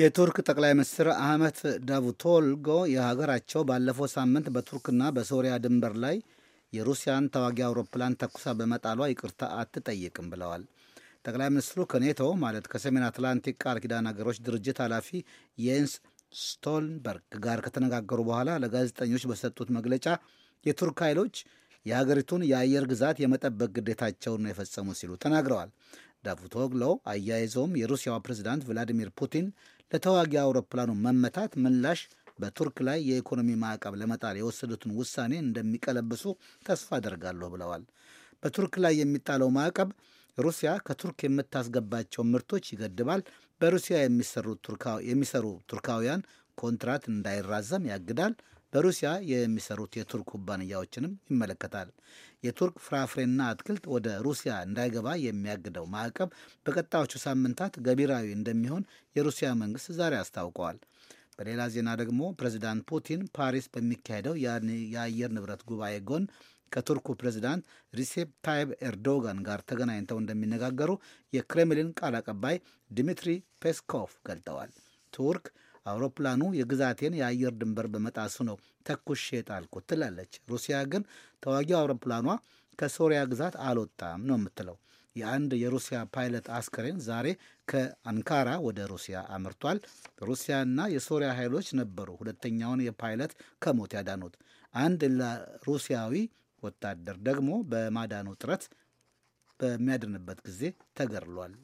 የቱርክ ጠቅላይ ሚኒስትር አህመት ዳቡቶልጎ የሀገራቸው ባለፈው ሳምንት በቱርክና በሶሪያ ድንበር ላይ የሩሲያን ተዋጊ አውሮፕላን ተኩሳ በመጣሏ ይቅርታ አትጠይቅም ብለዋል። ጠቅላይ ሚኒስትሩ ከኔቶ ማለት ከሰሜን አትላንቲክ ቃል ኪዳን ሀገሮች ድርጅት ኃላፊ የንስ ስቶልንበርግ ጋር ከተነጋገሩ በኋላ ለጋዜጠኞች በሰጡት መግለጫ የቱርክ ኃይሎች የሀገሪቱን የአየር ግዛት የመጠበቅ ግዴታቸውን ነው የፈጸሙ ሲሉ ተናግረዋል። ዳቡቶግሎ አያይዘውም የሩሲያው ፕሬዚዳንት ቭላዲሚር ፑቲን ለተዋጊ አውሮፕላኑ መመታት ምላሽ በቱርክ ላይ የኢኮኖሚ ማዕቀብ ለመጣል የወሰዱትን ውሳኔ እንደሚቀለብሱ ተስፋ አደርጋለሁ ብለዋል። በቱርክ ላይ የሚጣለው ማዕቀብ ሩሲያ ከቱርክ የምታስገባቸው ምርቶች ይገድባል። በሩሲያ የሚሰሩ ቱርካውያን ኮንትራት እንዳይራዘም ያግዳል። በሩሲያ የሚሰሩት የቱርክ ኩባንያዎችንም ይመለከታል። የቱርክ ፍራፍሬና አትክልት ወደ ሩሲያ እንዳይገባ የሚያግደው ማዕቀብ በቀጣዮቹ ሳምንታት ገቢራዊ እንደሚሆን የሩሲያ መንግስት ዛሬ አስታውቀዋል። በሌላ ዜና ደግሞ ፕሬዚዳንት ፑቲን ፓሪስ በሚካሄደው የአየር ንብረት ጉባኤ ጎን ከቱርኩ ፕሬዚዳንት ሪሴፕ ታይብ ኤርዶጋን ጋር ተገናኝተው እንደሚነጋገሩ የክሬምሊን ቃል አቀባይ ድሚትሪ ፔስኮቭ ገልጠዋል። ቱርክ አውሮፕላኑ የግዛቴን የአየር ድንበር በመጣሱ ነው ተኩሽ የጣልኩት ትላለች። ሩሲያ ግን ተዋጊው አውሮፕላኗ ከሶሪያ ግዛት አልወጣም ነው የምትለው። የአንድ የሩሲያ ፓይለት አስከሬን ዛሬ ከአንካራ ወደ ሩሲያ አምርቷል። ሩሲያና የሶሪያ ኃይሎች ነበሩ ሁለተኛውን የፓይለት ከሞት ያዳኑት። አንድ ሩሲያዊ ወታደር ደግሞ በማዳኑ ጥረት በሚያድንበት ጊዜ ተገድሏል።